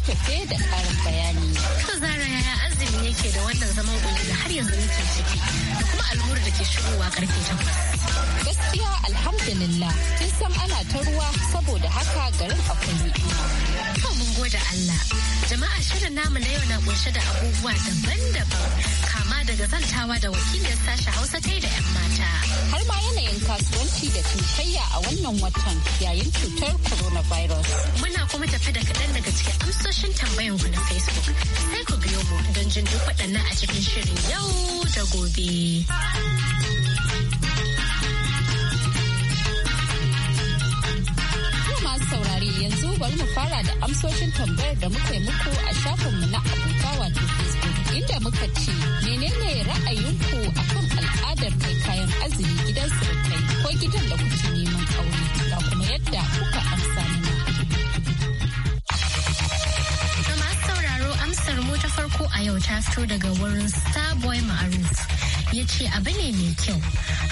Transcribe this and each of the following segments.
ke da ƙarin bayani. To Zara yaya azumi yake da wannan zaman ɓoye da har yanzu muke ciki da kuma al'ummar da ke shigowa karfe takwas. Gaskiya alhamdulillah kin san ana ta ruwa saboda haka garin akwai ni'ima. gode Allah. Jama'a shirin namu na yau na kunshe da abubuwa daban-daban kama daga zantawa da wakilin sashi Hausa ta da 'yan mata. Har ma yanayin kasuwanci da cinikayya a wannan watan yayin cutar coronavirus. Muna kuma tafi da kaɗan daga cikin amsoshin tambayan ku na Facebook. Sai ku biyo mu don jin duk waɗannan a cikin shirin yau da gobe. saurare yanzu bari mu fara da amsoshin tambayar da muka yi muku a shafinmu na abota wato Facebook inda muka ce menene ra'ayinku kan al'adar kai kayan azumi gidan surukai ko gidan da kuke neman aure ga kuma yadda kuka amsa mana. amsar mu ta farko a yau ta fito daga wurin starboy ma'aruf ya ce abu ne mai kyau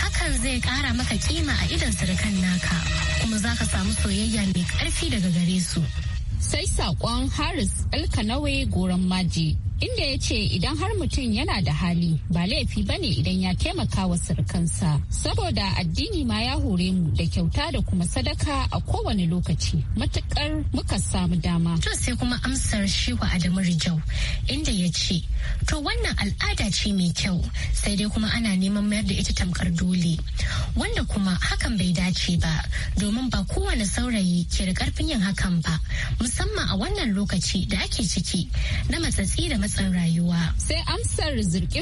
hakan zai kara maka kima a idon surukan naka kuma za ka samu soyayya mai ƙarfi daga gare su. Sai saƙon Haris Elkanawe Goran Maji inda ya ce idan har mutum yana da hali ba laifi ba ne idan ya taimaka wa sirkansa saboda addini ma ya hore mu da kyauta da kuma sadaka a kowane lokaci matukar muka samu dama. To sai kuma amsar shi wa Adamu Rijau inda ya ce to wannan al'ada ce mai kyau sai dai kuma ana neman mayar da ita tamkar dole wanda kuma hakan bai dace ba domin ba kowane saurayi ke da karfin yin hakan ba musamman a wannan lokaci da ake ciki na matsatsi da matsan rayuwa. Sai amsar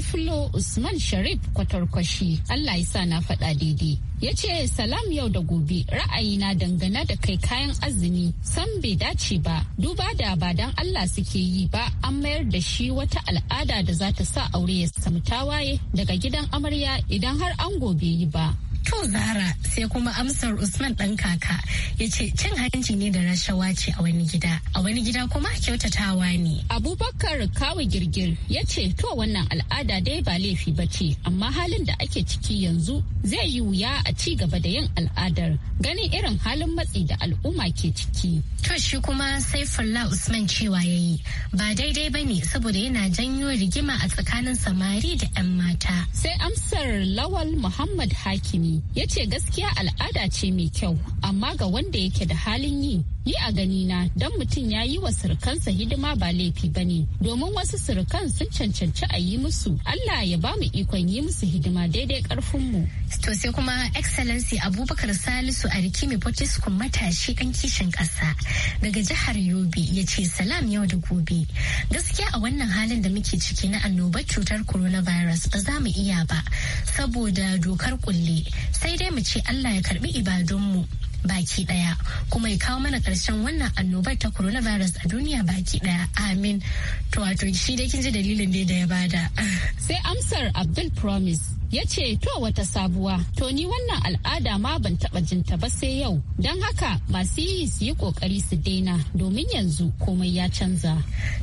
filo Usman Sharif kwatarkwashi Allah ya sa na faɗa daidai. Ya ce salam yau da gobe ra'ayina dangane da kai kayan azumi san bai dace ba duba da ba dan Allah suke yi ba an mayar da shi wata al'ada da za ta sa aure ya samu tawaye daga gidan amarya idan har an gobe yi ba. To Zara sai kuma amsar Usman ɗan kaka ya ce cin hanci ne da rashawa ce a wani gida. A wani gida kuma kyautatawa ne. Abubakar kawu girgir ya ce to wannan al'ada dai ba laifi ba ce amma halin da ake ciki yanzu zai yi wuya a ci gaba da yin al'adar ganin irin halin matsi da al'umma ke ciki. To shi kuma sai Falla Usman cewa ya yi ba daidai ba ne saboda yana janyo rigima a tsakanin samari da 'yan mata. Sai amsar Lawal Muhammad Hakimi yace ya ce gaskiya al'ada ce mai kyau amma ga wanda yake da halin yi Ni a ganina don mutum ya yi wa sirkansa hidima ba laifi ba ne, domin wasu sirkan sun cancanci a yi musu. Allah ya ba mu ikon yi musu hidima daidai karfinmu. To sai kuma Excellency Abubakar Salisu a rikimi Potiskun matashi ɗan kishin ƙasa daga jihar Yobe ya ce salam yau da gobe. Gaskiya a wannan halin da muke ciki na annobar cutar coronavirus ba za mu iya ba saboda dokar kulle sai dai mu ce Allah ya karbi ibadunmu. baki daya kuma ya kawo mana karshen wannan annobar ta coronavirus a duniya baki daya amin to wato shi dai kin ji dalilin da ya bada sai amsar abdul promise ya ce to wata sabuwa to ni wannan al'ada ma ban taba jinta ba sai yau don haka masu yi su yi kokari su daina domin yanzu komai ya canza.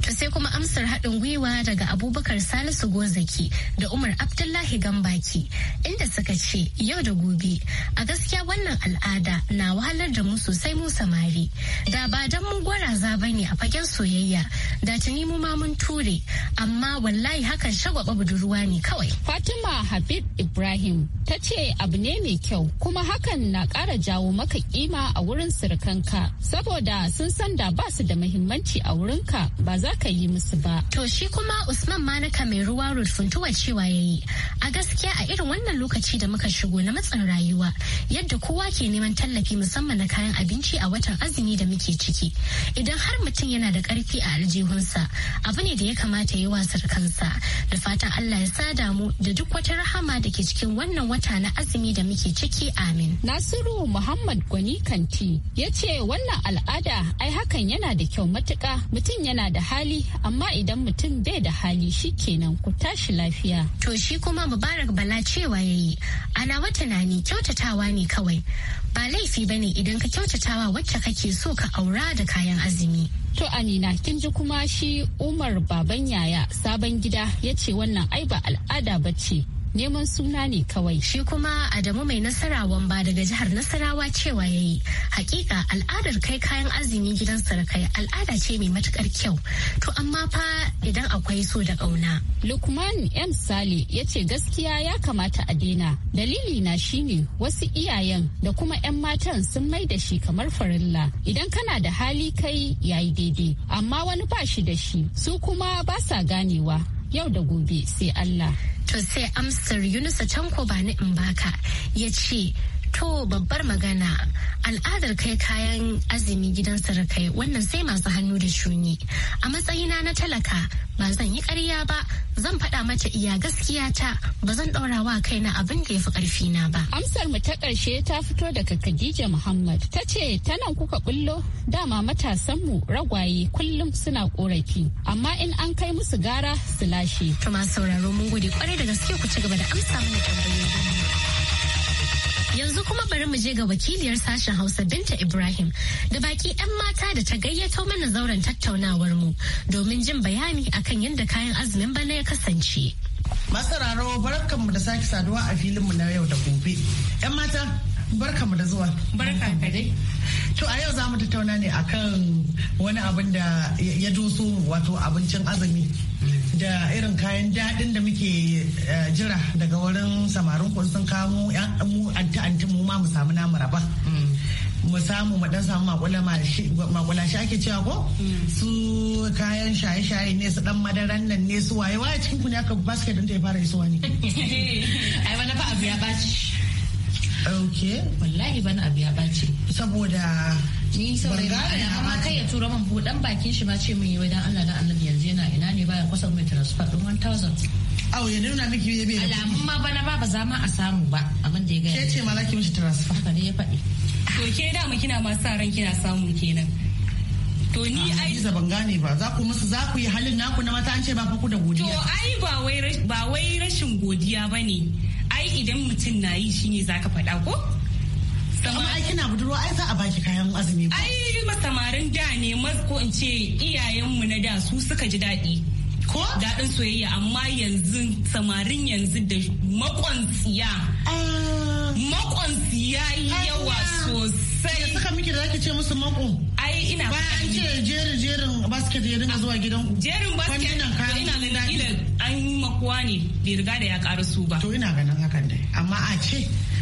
To sai kuma amsar haɗin gwiwa daga abubakar salisu gozaki da umar abdullahi gambaki inda suka ce yau da gobe a gaskiya wannan al'ada na wahalar da mu sosai mu samari da ba don mu gwaraza ba ne a fagen soyayya da tuni mu ma mun ture amma wallahi hakan shagwaba budurwa ne kawai. Fatima Habib Ibrahim ta ce abu ne mai kyau kuma hakan na kara jawo maka kima a wurin surukanka saboda sun san da ba su da muhimmanci a wurinka ba za ka yi musu ba. To shi kuma Usman Manaka mai ruwa rufuntuwa cewa ya yi a gaskiya a irin wannan lokaci da muka shigo na matsin rayuwa yadda kowa ke neman tallafi musamman na kayan abinci a watan azumi da muke ciki idan har mutum yana da karfi a aljihu mahaifinsa abu ne da ya kamata yi wasar kansa da fatan Allah ya sada mu da duk wata rahama da ke cikin wannan wata na azumi da muke ciki amin. Nasiru Muhammad Gwani Kanti ya ce wannan al'ada ai hakan yana da kyau matuka mutum yana da hali amma idan mutum bai da hali shi kenan ku tashi lafiya. To shi kuma Mubarak Bala cewa yayi ana wata tunani kyautatawa ne kawai ba laifi bane idan ka kyautatawa wacce kake so ka aura da kayan azumi. To Amina kin ji kuma shi Umar baban yaya sabon gida yace wannan ai ba al'ada bace neman suna ne kawai. Shi kuma Adamu mai nasara wamba daga jihar Nasarawa cewa ya yi. Hakika al'adar kai kayan azumi gidan sarakai al'ada ce mai matukar kyau. To amma fa idan akwai so da kauna. Lukman M. Sale ya ce gaskiya ya kamata a daina. Dalili na shine wasu iyayen da kuma 'yan matan sun mai da shi kamar farilla. Idan kana da hali kai yayi daidai amma wani ba shi da shi su kuma ba sa ganewa. yau da gobe sai Allah. To sai amsar Yunusa Canko ba ni in baka ya ce To babbar magana al'adar kai kayan azumi gidan sarakai wannan sai masu hannu da shuni. A matsayina na talaka ba zan yi ƙarya ba zan faɗa mata iya gaskiya ta ba zan ɗaura wa kaina abin da ya fi ƙarfi na ba. Amsar mu ta ƙarshe ta fito daga Khadija Muhammad ta ce ta nan kuka bullo dama matasan mu ragwaye kullum suna ƙorafi amma in an kai musu gara su lashe. Tuma sauraro mun gode kwarai da gaske ku ci gaba da amsa mana tambayoyi. Yanzu kuma bari mu je ga wakiliyar sashen Hausa Binta Ibrahim da baki 'yan mata da ta gayyato mana zauren tattaunawar mu domin jin bayani akan yadda kayan azumin bana ya kasance. Masararo barkanmu da sake saduwa a filinmu na yau da gobe. 'Yan mata barkanmu da zuwa. Barkan ka dai. To a yau za mu tattauna ne akan wani abin da ya doso wato abincin azumi. da irin kayan daɗin da muke eh, jira daga wurin samarin kun sun kamo mu anti mu ma mu samu namu raba. Mm. mu samu mu dan samu makula shi ake cewa ko mm. su kayan shaye-shaye ne su dan madaran nan ne su waye waye cikin kuni aka basket din ta ya fara isuwa ne ai wani fa abu ya baci okay wallahi bana abu ya baci saboda ni saurayi amma kai ya tura man buɗan bakin shi ma ce mai wai dan Allah da annabi yanzu yana ina ne bayan kusan mai transfer din 1000 awo ya nuna miki ya bai alamun ma bana ba ba za ma a samu ba abin da ya gaya ke ce ma laki mishi transfer haka ne ya faɗi to ke da mu kina masu sa ran kina samu kenan to ni ai za ban gane ba za ku musu za ku yi halin naku na mata an ce ba ku da godiya to ai ba wai ba wai rashin godiya bane ai idan mutum na yi shine zaka faɗa ko amma ai kina budurwa ai za a baki kayan azumi ai samarin da ne ko in ce iyayenmu na da su suka ji daɗi ko daɗin soyayya amma yanzu samarin yanzu da makonciya ah. makonciya yawa sosai suka miki da zaki ce musu mako ai ina an ce jerin jerin basket ya dinga zuwa gidan ku jerin basket ina ganin an yi makuwa ne bai riga da ya karu su ba to ina ganin hakan dai amma a ce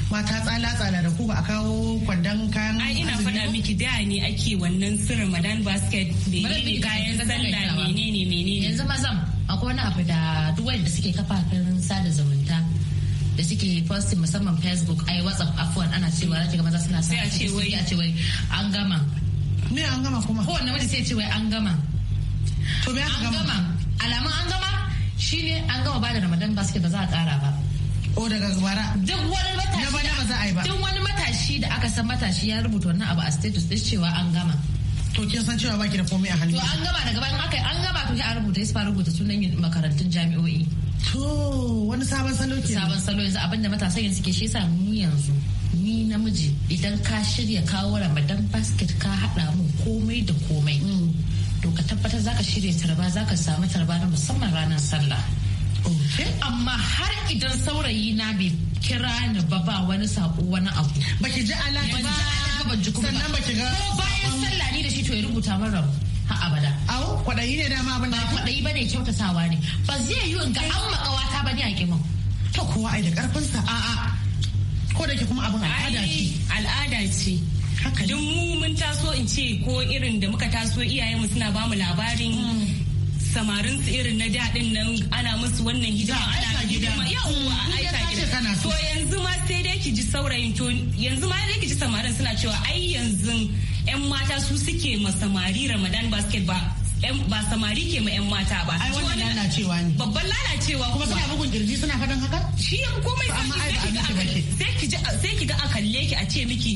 mata tsala tsala da ku ba a kawo kwandon kayan ai ina faɗa miki da ne ake wannan sir Ramadan basket menene kayan sallah menene menene yanzu mazan akwai wani abu da duk wanda suke kafafen sada zumunta da suke posti musamman facebook ai whatsapp afuwan ana cewa zaki ga maza suna sa a ce a ce wai an gama me an gama kuma ko wanda sai ce wai an gama to me an gama alamun an gama shine an gama ba da ramadan basket ba za a kara ba ko daga gubara. duk wani matashi na ba duk wani matashi da aka san matashi ya rubuta wannan abu a status din cewa an gama to kin san cewa baki da komai a hannu to an gama daga bayan aka an gama to a rubuta sai rubuta sunan makarantun jami'o'i to wani sabon salo ke sabon salo yanzu abinda matasan yanzu ke shi yasa mu yanzu ni namiji idan ka shirya kawo ramadan basket ka hada mu komai da komai mm. to ka tabbatar zaka shirya tarba zaka samu tarba na musamman ranar sallah ƙaurace. Amma har idan saurayi na bai kira ni ba ba wani saƙo wani abu. Baki ji alaƙa ba sannan baki ga. Ko bayan sallah ni da shi to ya rubuta min rabu. Ha abada. Au kwaɗayi ne dama abin da. Ba kwaɗayi ba ne kyautatawa ne. Ba zai yi ga an makawata ba ne a kiman. To kowa ai da ƙarfinsa a'a. Ko da ke kuma abin al'ada ce. Al'ada ce. Haka. Duk mu mun taso in ce ko irin da muka taso iyayenmu suna bamu labarin mm. samarin su irin na daɗin nan ana musu wannan hijira ana gida yawwa a aika gida to yanzu ma sai dai ki ji saurayin to yanzu ma dai ki ji samarin suna cewa ai yanzu yan mata su suke ma samari Ramadan basket ba ba samari ke ma 'yan mata ba. Ai wannan lalacewa ne. Babban lalacewa kuma suna bugun kirji suna fadan haka? Shi komai sai ki ga a kalle ki a ce miki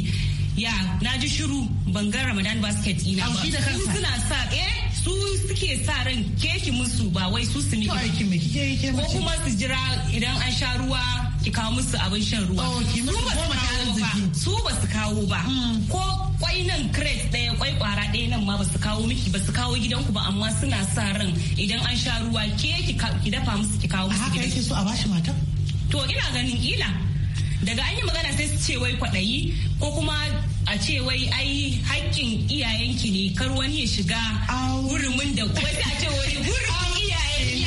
ya na ji shiru ban Ramadan basket ina ba. Suna sa eh su suke sa ran keke musu ba wai su su miki ko kuma su jira idan an sha ruwa ki kawo musu abin shan ruwa. Oh, su ba su kawo ba. Hmm. Ko kwai nan crate ɗaya kwai kwara ɗaya nan ma ba su kawo miki ba su kawo gidanku ba amma suna sa ran idan an sha ruwa ke ki dafa musu ki kawo musu gidan. Haka yake so a bashi matan? To ina ganin kila. daga an yi magana sai su ce wai kwaɗayi ko kuma a ce wai ai haƙƙin iyayenki ne kar wani ya shiga hurumin da wani a ce wai hurumin iyayen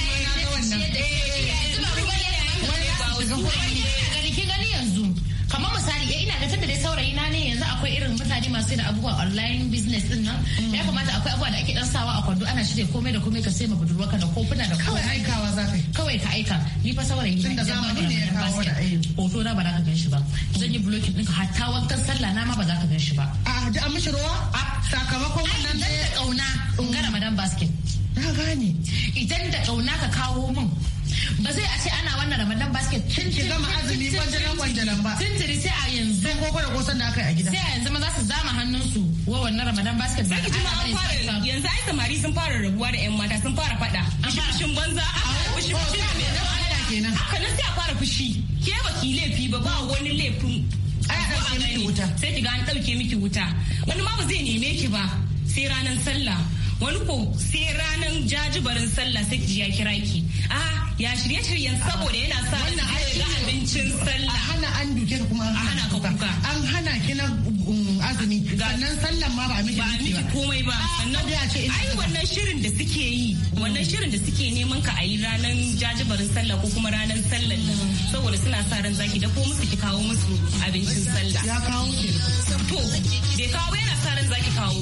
kamar misali ya eh, ina da tunda dai saurayi na ne yanzu akwai irin mutane masu yin abubuwa online business din nan mm. ya kamata akwai abubuwa da ake dan sawa a kwando ana shirya komai da komai ka sai ma budurwa ka da kofuna da kawai aikawa za ka yi aika ka aika ni fa saurayi da zamani ne ya kawo da aiki hoto na ba za ka gan shi ba zan yi blocking ɗinka hatta wankan sallah na ma ba za ka gan shi ba a da an mishi ruwa sakamakon wannan da ya kauna in gara madan basket na gane idan da kauna ka kawo min ba zai a ce ana wannan ramadan basket tun ki gama azumi kwanjalan kwanjalan ba tun sai a yanzu ko da ko da aka a gida sai a yanzu ma za su zama hannun su wa wannan ramadan basket ba kuma an fara yanzu ai samari sun fara rabuwa da yan mata sun fara fada fushin banza a fushi kenan kana sai a fara fushi ke baki laifi ba ba wani laifin ai a dauke miki wuta sai kiga an dauke miki wuta wani ma ba zai neme ki ba sai ranar sallah wani ko sai ranar jajibarin sallah sai ki ya kira ki a ya shirye-shiryen saboda yana sa wannan abincin sallah A hana an duke kuma an hana ka kuka an hana ki na um, azumi sannan sallan ma ba a miki ba a miki komai ba ah, sannan da ce ai wannan shirin da suke yi wannan mm. shirin da suke neman ka a yi ranar jajibarin sallah ko kuma ranar sallan mm. saboda suna sa ran zaki da ko musu ki kawo musu abincin sallah ya kawo ki to bai kawo yana sa ran zaki kawo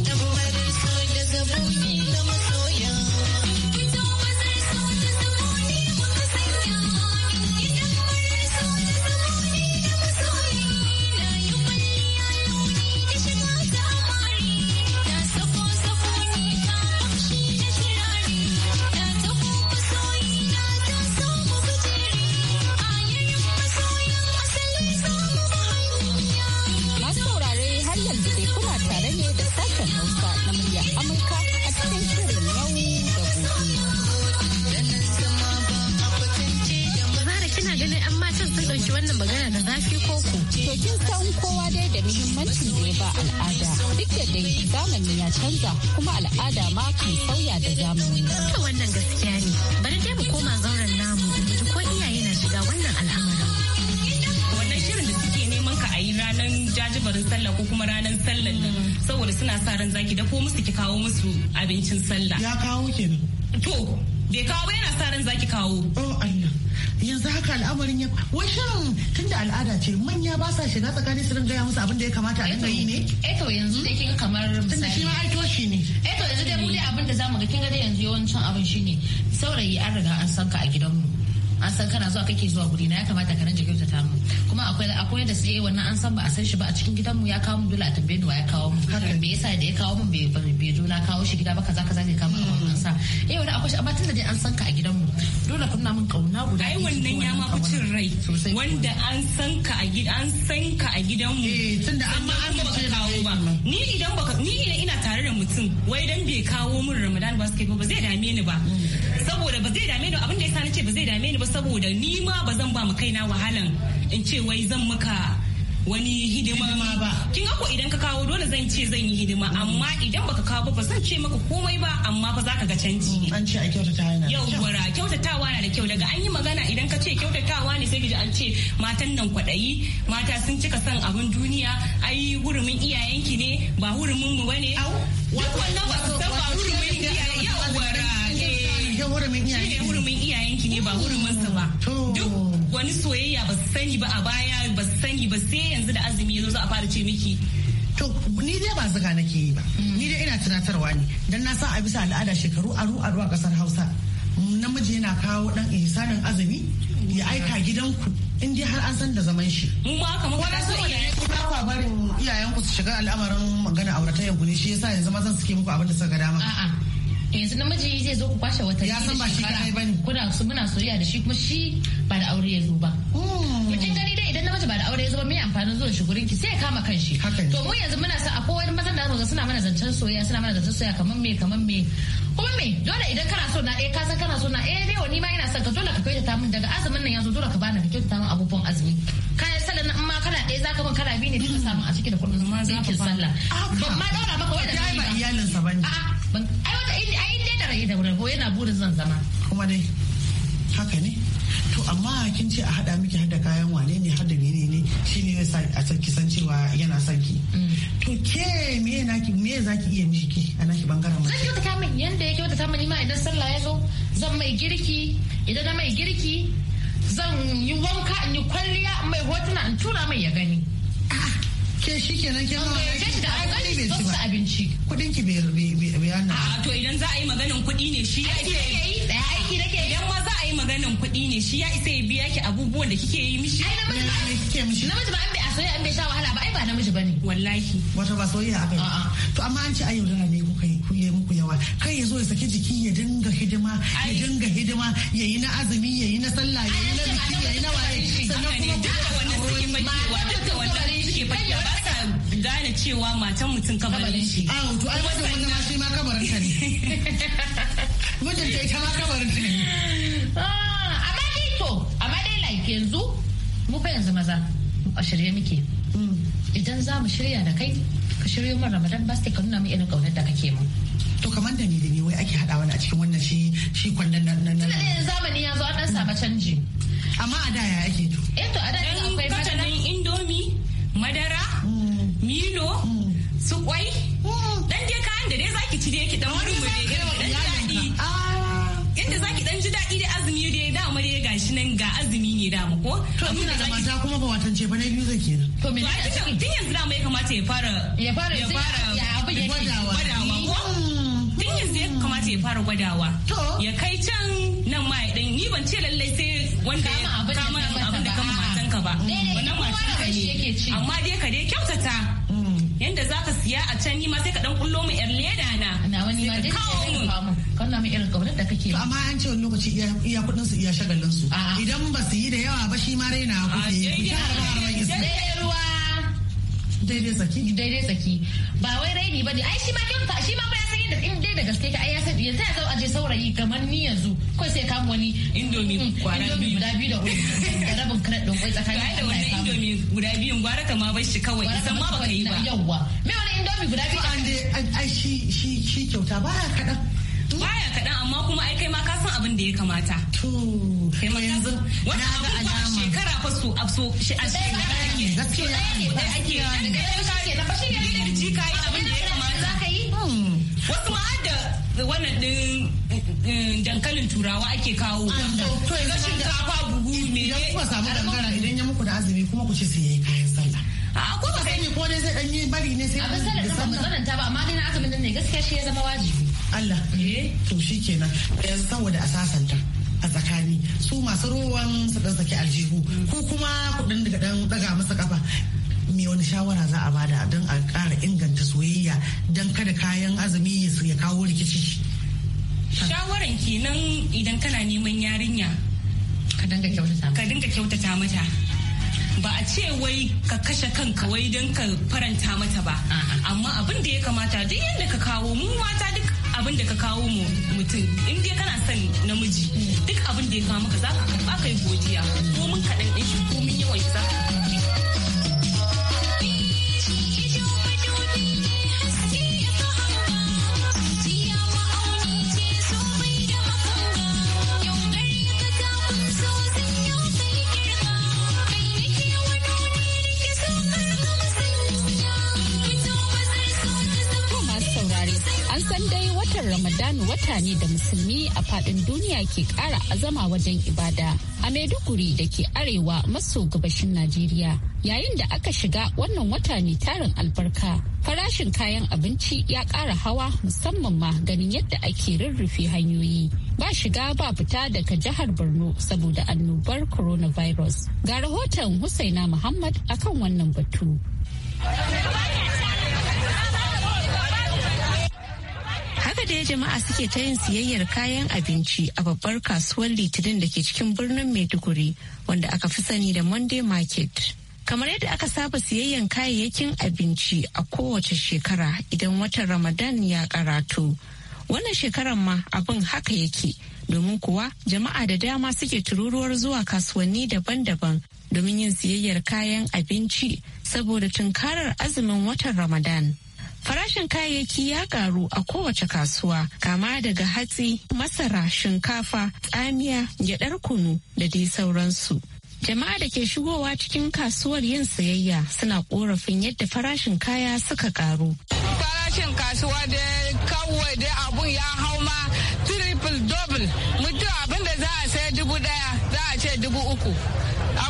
kowa dai da muhimmancin da ya ba al'ada duk da dai zamani ya canza kuma al'ada ma kan sauya da zamani. Duka wannan gaskiya ne bari dai mu koma zauren namu da ko iyaye na shiga wannan al'amarin. Wannan shirin da suke neman ka a yi ranar jajibarin sallah ko kuma ranar sallah nan saboda suna sa ran zaki ko musu ki kawo musu abincin sallah. Ya kawo kenan. To bai kawo ba yana sa ran zaki kawo. Oh Allah. yanzu haka al'amarin ya wai tun tunda al'ada ce manya ba sa shiga tsakanin su ringa ya musu abin da ya kamata a dinga yi ne eto to yanzu dai kin kamar misali tunda shi ma ai toshi ne eto to yanzu dai mu dai abin da zamu ga kin ga dai yanzu yawancin abin shine saurayi an riga an sanka a gidanmu an san kana zuwa kake zuwa guri na ya kamata ka rinka ta mu kuma akwai akwai da sai wannan an san ba a san shi ba a cikin gidan mu ya kawo mu dole a tambaye ni wa ya kawo mu me yasa da ya kawo mu bai zo na kawo shi gida ba kaza kaza ne kama abin an sa eh wani akwai amma tunda dai an san ka a gidan mu dole kuna min kauna guda ai wannan ya ma fi cin rai wanda an san ka a gidan an san ka a gidan mu eh, tunda amma an Idan dan bai kawo min ramadan basket ba ba zai dame ni ba saboda ba zai dame ni abin da yasa ce ba zai dame ni ba saboda ni ma ba zan ba mu kaina wahalan in ce wai zan maka wani hidima ma ba kin ga ko idan ka kawo dole zan ce zan yi hidima amma idan baka kawo ba zan ce maka komai ba amma fa zaka ga canji mm, an ce a kyautata yana yau gwara kyautatawa na da kyau daga an yi magana idan ka ce kyautatawa ne sai kiji an ce matan nan kwadayi mata sun cika son abin duniya ai hurumin iyayenki ne ba hurumin mu bane duk wannan ba san ba eh. ne hurumin iyayenki ne ba hurumin wani soyayya ba su sani ba a baya ba su sani ba sai yanzu da azumi ya zo a fara ce miki to ni dai ba zaga nake yi ba ni dai ina tunatarwa ne dan na sa a bisa al'ada shekaru aru aru a kasar Hausa namiji yana kawo dan ihsanin azumi ya aika gidanku in dai har an san da zaman shi mu ma haka muka so ne ku ba barin iyayen ku su shiga al'amarin magana auratayyan ku ne shi yasa yanzu mazan suke muku abin da suka ga dama yanzu namiji zai zo ku kwashe wata ya san ba shi soyayya da shi kuma shi ba da aure ya zo ba aure ya zama mai amfanin zuwa shi ki sai ya kama shi to mu yanzu muna sa akwai wani mazan da za suna mana zancen soyayya suna mana zancen soyayya kamar me kamar me kuma me dole idan kana so na eh ka san kana so na eh dai wani ma ina son ka dole ka kai ta mun daga azumin nan yanzu dole ka bani ka kyautata mun abubuwan azumi kayan sallan in ma kana ɗaya zaka min kana biyu ne duka samu a ciki da kuɗin ma za sallah ban ma daura maka wai da ba iyalin sa bane ai wata ai dai da rai da rago yana burin zan zama kuma dai haka ne amma kin ce a hada miki hada kayan wane ne hada ne ne shi ne a ki san cewa yana son ki mm. to ke me naki me zaki iya miki a naki bangaren mu zan ta min yanda ya kyautata min ma idan sallah ya zo zan mai girki idan na mai girki zan yi wanka in yi kwalliya mai hotuna in tura mai ya gani ah, ke shi kenan ke mawa ya ce da alƙali bai ba abinci Kudin ki bai bai a to idan za a yi maganin kuɗi ne shi ya ke yi aiki nake yan maza maganan kuɗi ne shi ya isa ya biya ki abubuwan da kike yi mishi ai namiji ba an bai a soyayya an bai sha wahala ba ai ba namiji ne. wallahi wata ba soyayya akai to amma an ce yau yaudara ne kuka yi kuye muku yawa kai ya zo ya saki jiki ya dinga hidima ya dinga hidima ya yi na azumi ya yi na sallah ya yi na biki ya yi na waye sannan kuma duka wannan suke fakewa duka wannan suke fakewa ba sa gane cewa matan mutum kabarin shi Ah to ai wannan wannan ma shi ma kabarin ka ne mijin ta ita ma kamar ta ah, amma dai to amma dai like yanzu mu fa yanzu maza a shirye muke hmm. idan za mu shirya da kai ka shirya mu ramadan basti ka nuna mu irin kaunar da kake mu to kamar da ni da ni wai ake haɗa wani a cikin wannan shi shi kwandon nan nan yanzu zamani ya zo an ɗan saba canji amma a da ya ake to eh to a da akwai madara indomi madara hmm. milo su kwai hmm. dan dai kayan da dai zaki ci dai ki dan wani mu dai yadda zaki dan ji daɗi da azumi da ya dama dai gashi nan ga azumi ne mu ko to ina da mata kuma ba watan ce ba na biyu zan na to me tun yanzu da mai kamata ya fara ya fara ya fara gwadawa ko mm. yanzu ya kamata ya fara gwadawa ya kai can nan ma dan ni ban ce lallai sai wanda ya kama abin da kama matanka ba wannan matan ka ci amma dai ka dai kyautata biya a can yi ma sai ka dan kullo mu yar leda na na wani ma dai kawo mu na mu irin kaunar da kake amma an ce wani lokaci iya kudin su iya shagalin su idan ba su yi da yawa ba shi ma raina kuke yi ruwa daidai tsaki daidai ba wai raini ba ai shi ma kyauta shi ma ba ya da in dai da gaske ka ai ya san yanzu ya zo aje saurayi kamar ni yanzu sai kama wani indomi mm, kwana biyu guda biyu da hudu da rabin karat din kwai tsakanin ai da wani indomi guda biyu gwara ka ma bashi kawai isan ma baka yi ba yawwa me wani indomi guda biyu ai shi shi shi kyauta ba ba ya kaɗan amma kuma ai kai ma ka san abin da ya kamata. To kai ma yanzu wannan abin ba shekara fa so a shi a shekara ake gaskiya ne ake da ake da shi ne da ji ne yi abin da ya kamata wasu ma da wannan din dankalin turawa ake kawo ah, to yanzu shinkafa bugu ne. idan kuka samu dangara idan ya muku da azumi kuma ku ci sai yayi kayan sallah a ah, ko ba sai ni ko dai sai dan yi bari ne sai abin sallah ba zan ta ba amma dai na azumin nan ne gaskiya shi ya zama wajibi Allah eh? to shikenan yanzu saboda a sasanta a tsakani su masu ruwan su ɗan saki aljihu ko kuma kudin daga dan daga masa ƙafa. ne wani shawara za a bada don a ƙara inganta soyayya don kada kayan azumi ya kawo rikici shawaran kenan idan kana neman yarinya ka dinga kyautata mata ba a ce wai ka kashe kanka wai don ka faranta mata ba amma abin da ya kamata duk yadda ka kawo mu mata duk abin da ka kawo mu mutum in dai kana son namiji duk abin da ya kawo maka za ka karba kai godiya ko mun kaɗan ɗin shi ko mun yawan shi za ka watan Ramadan wata ne da musulmi a faɗin duniya ke ƙara azama wajen ibada a Maiduguri da ke arewa maso gabashin Najeriya. Yayin da aka shiga wannan wata ne tarin albarka, farashin kayan abinci ya ƙara hawa musamman ma ganin yadda ake rurrufe hanyoyi. Ba shiga ba fita daga jihar Borno saboda annobar coronavirus. Ga rahoton Husaina Muhammad akan wannan batu. da ya jama'a suke ta yin siyayyar kayan abinci a babbar kasuwar litinin da ke cikin birnin maiduguri wanda aka fi sani da monday market kamar yadda aka saba siyayyan kayayyakin abinci a kowace shekara idan watan ramadan ya karatu wannan shekarar ma abin haka yake domin kuwa jama'a da dama suke tururuwar zuwa kasuwanni daban-daban domin yin siyayyar kayan abinci saboda tunkarar azumin watan ramadan Farashin kayayyaki ya karu a kowace kasuwa kama daga hatsi, masara, shinkafa, tsamiya, gyadar kunu da dai sauransu. Jama'a da ke shigowa cikin kasuwar yin sayayya suna korafin yadda farashin kaya suka karu. Farashin kasuwa da kawai da abun ya hau ma triple double mutum abin da za a sai dubu daya za a ce dubu uku.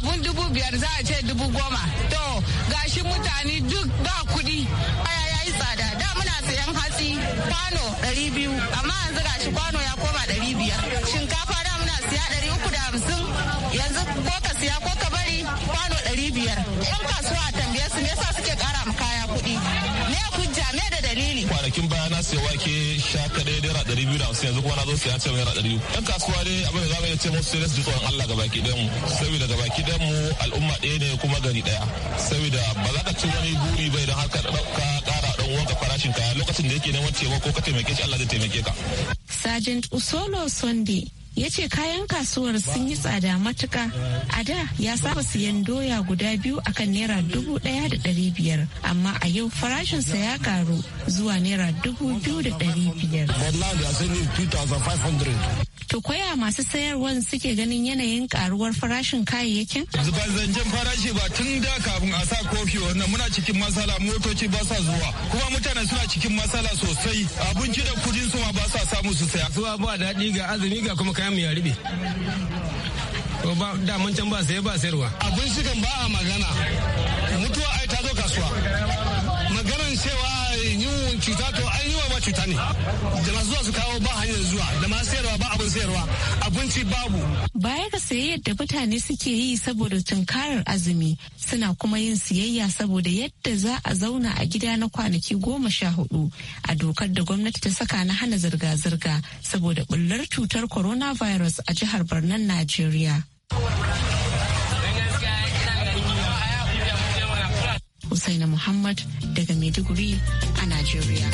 abun dubu biyar za a ce dubu goma to gashi mutane duk ba kuɗi aya ya yi tsada da muna sayan hatsi kwano ɗari biyu amma yanzu gashi kwano ya koma ɗari biyar shinkafa da muna siya ɗari uku da hamsin yanzu ko ka siya ko ka bari kwano ɗari biyar yan kasuwa tambaye su me yasa suke kara ma kaya kuɗi ne kuɗi me da dalili kwanakin baya na sayi wake sha kadai naira ɗari biyu da hamsin yanzu kuma na zo siya ce naira ɗari biyu yan kasuwa dai abin da za mu iya ce musu sai su ji tsoron Allah ga baki ɗayan mu saboda ga baki ɗayan mu al'umma ɗaya ne kuma gari ɗaya saboda ba za ka ci wani buri ba idan har ka ƙara ɗan uwanka farashin kaya lokacin da yake neman taimako ka taimake shi Allah zai taimake ka. Sergeant Usolo Sunday ya ce kayan kasuwar sun yi tsada matuka a da ya saba siyan doya guda biyu akan naira dubu daya da dari biyar amma a yau farashinsa ya karu zuwa naira dubu biyu da dari biyar To koya masu sayarwar suke ganin yanayin karuwar farashin kayayyakin? Zanzancen farashi ba tun da kafin a sa kofi wannan muna cikin masala motoci ba sa zuwa kuma mutane suna cikin masala sosai abinci da kudin su ma ba sa samu su saya. Zuwa ba daɗi ga azumi ga kuma kayan mu ya ribe. Da mun can ba saye ba sayarwa. Abin shigan ba a magana. Mutuwa ai ta zo kasuwa. Maganan cewa yin cuta to ai cuta ne da masu zuwa su kawo ba hanyar zuwa da masu sayarwa ba abin sayarwa abinci babu baya ga sayayyar da mutane suke yi saboda tunkarar azumi suna kuma yin siyayya saboda yadda za a zauna a gida na kwanaki goma sha hudu a dokar da gwamnati ta saka na hana zirga-zirga saboda bullar cutar coronavirus a jihar Barnan Najeriya. Usaina Muhammad daga Maiduguri a Najeriya.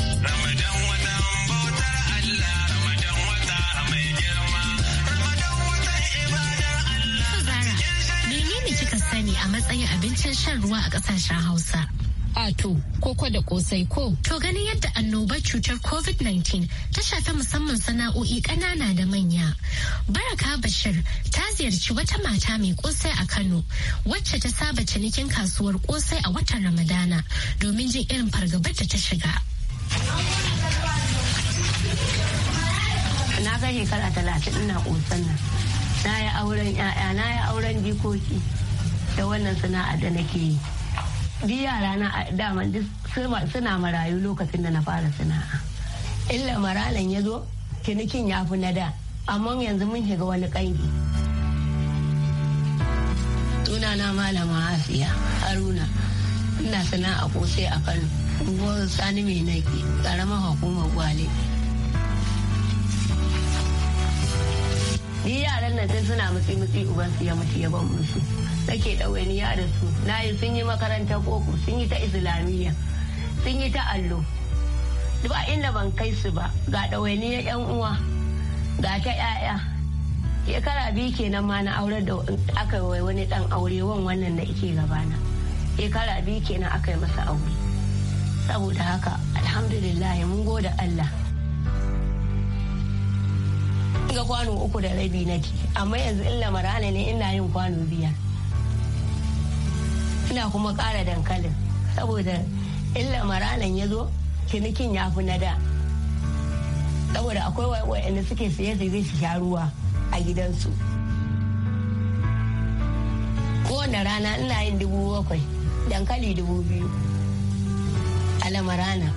kika sani a matsayin abincin shan ruwa a kasashen Hausa. ato ko da kosai ko. To ganin yadda annobar cutar COVID-19 ta shafi musamman sana'o'i ƙanana da manya. Baraka Bashir ta ziyarci wata mata mai kosai a Kano wacce ta saba cinikin kasuwar kosai a watan Ramadana domin jin irin fargabar da ta shiga. na ga shekara talatin ina ƙosan nan na yi auren 'ya'ya na yi auren jikoki da wannan sana'a da nake yi duk yara na dama suna marayu lokacin da na fara sana'a illa maralan ya zo cinikin ya fi na da amma yanzu mun shiga wani ƙangi sunana malama asiya haruna ina sana'a sai a kano unguwar sani mai naki karamar hukumar gwale Di yaran nan suna mutsi mutsi uban su ya mutu ya ban musu. Nake ɗawainiya da su. Na yi sun yi makaranta koko sun yi ta islamiyya sun yi ta allo. Ba inda ban kai su ba ga ɗawainiya 'yan uwa ga ta 'ya'ya. Shekara biyu kenan ma na aure da aka yi wani ɗan aure wan wannan da ike gabana. Shekara biyu kenan aka yi masa aure. Saboda haka alhamdulillah mun gode Allah. ga kwano uku da rabi nake amma yanzu in lamarana ne ina yin kwano biyar ina kuma ƙara dankalin saboda in lamaranan ya zo cinikin ya fi na da saboda akwai wa'anda suke saye zai su sha ruwa a gidansu kowane rana ina yin dubu bakwai dankali dubu biyu a lamarana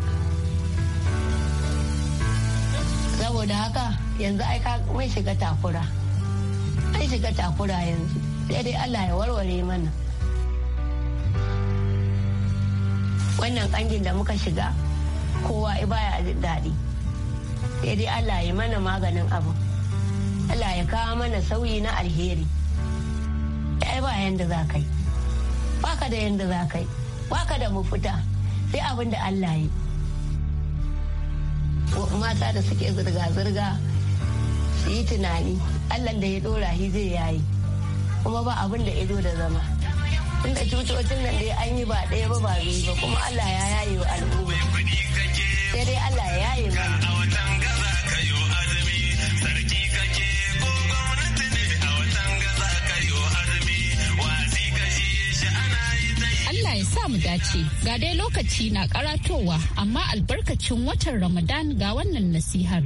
saboda haka yanzu ai mai shiga takura Ai shiga takura yanzu sai dai allah ya warware mana wannan kangin da muka shiga kowa baya daɗi sai dai allah ya mana maganin abu allah ya kawo mana sauyi na alheri ai ba yanda za ka yi baka da yanda za ka yi baka da mafita sai abin da allah ya yi mata da suke zirga-zirga su yi tunani allah da ya dora shi zai yayi kuma ba abin da ido da zama tunda cutocin nan dai an yi ba ɗaya ba ba biyu ba kuma allah ya yaye wa al'umma sai dai allah ya yaye mana ya sa mu dace ga dai lokaci na karatowa amma albarkacin watan ramadan ga wannan nasihar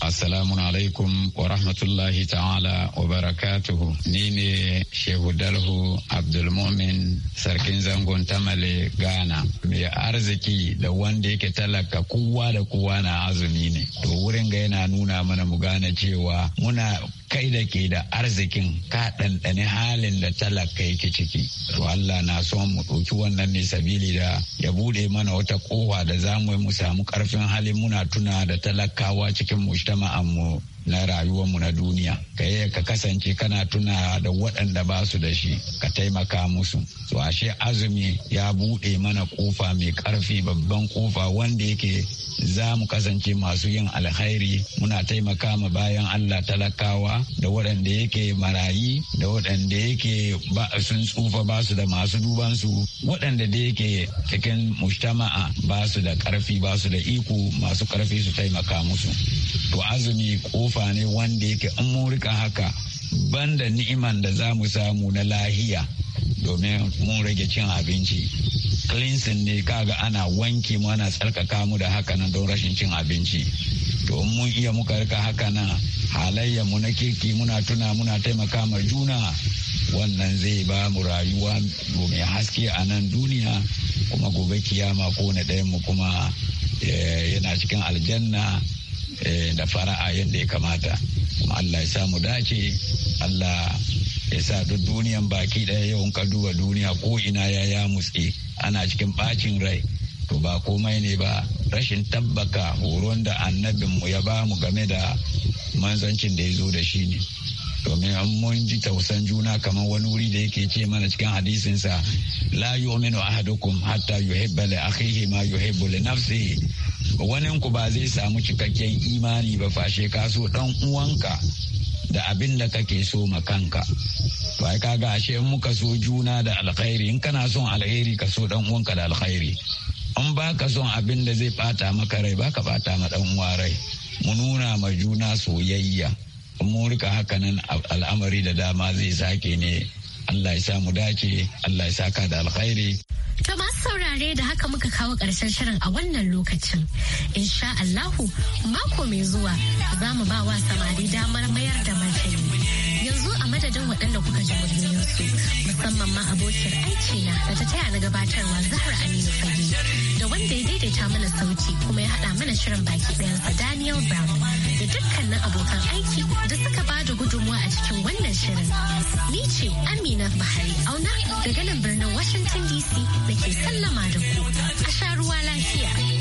Assalamu alaikum wa rahmatullahi ta'ala wa barakatuhu. Ni ne Shehu Dalhu Abdulmumin Sarkin Zangon Tamale Ghana. Mai arziki da wanda yake talaka kowa da kowa na azumi ne. To wurin ga yana nuna mana mu gane cewa muna kai da ke da arzikin ka ɗanɗani halin da talaka yake ciki to Allah na so mu ɗauki wannan ne sabili da ya buɗe mana wata kowa da za mu mu samu ƙarfin halin muna tuna da talakawa cikin mujtama'an mu na rayuwar mu na duniya ka yi ka kasance kana tuna da waɗanda ba su da shi ka taimaka musu to ashe azumi ya buɗe mana kofa mai ƙarfi babban kofa wanda yake za mu kasance masu yin alkhairi muna taimaka ma bayan Allah talakawa da waɗanda yake marayi da waɗanda yake sun tsufa ba su da masu duban su waɗanda da yake cikin mujtama'a ba su da ƙarfi ba su da iko masu ƙarfi su taimaka musu to azumi kofa amfani wanda yake in mun rika haka da ni'iman da za mu samu na lahiya domin mun rage cin abinci cleansing ne kaga ana wanke mu ana tsarkaka mu da haka nan don rashin cin abinci to mun iya muka rika haka nan halayya mu na kirki muna tuna muna taimaka ma juna wannan zai ba mu rayuwa mai haske a nan duniya kuma gobe kiyama ko na ɗayan mu kuma eh, yana cikin aljanna Eh, da fara'a yadda ya kamata Allah ya mu dace Allah ya sa duk duniyan baki ɗaya yau in ka duba duniya ko ina ya ya mutse ana cikin ɓacin rai to ba komai ne ba rashin tabbaka horon da annabinmu ya ba mu game da manzancin da ya zo da shi ne domin an mun ji tausan juna kamar wani wuri da yake ce mana cikin hadisinsa la yu'minu ahadukum hatta yuhibba li akhihi ma yuhibbu li nafsihi wani ku ba zai samu cikakken imani ba fashe ka so dan uwanka da abin da kake so ma kanka to ai ga ashe in muka so juna da alkhairi in kana son alkhairi ka so dan uwanka da alkhairi in ba ka son abin da zai bata maka rai ba ka bata ma dan uwa rai mu nuna ma juna soyayya mun rika hakanan al'amari da dama zai sake ne Allah ya sa mu dace Allah ya saka da alkhairi To masu saurare da haka muka kawo ƙarshen shirin a wannan lokacin. Insha Allahu mako mai zuwa za mu ba wa samari damar mayar da madadin waɗanda kuka ji su musamman ma abokiyar aiki na da ta taya na gabatarwa Zahra Aminu Fage da wanda ya daidaita mana sauti kuma ya haɗa mana shirin baki ɗayansa Daniel Brown da dukkanin abokan aiki da suka ba da gudunmuwa a cikin wannan shirin. Ni ce Amina Bahari Auna da ganin birnin Washington DC da ke sallama da ku a sha ruwa lafiya.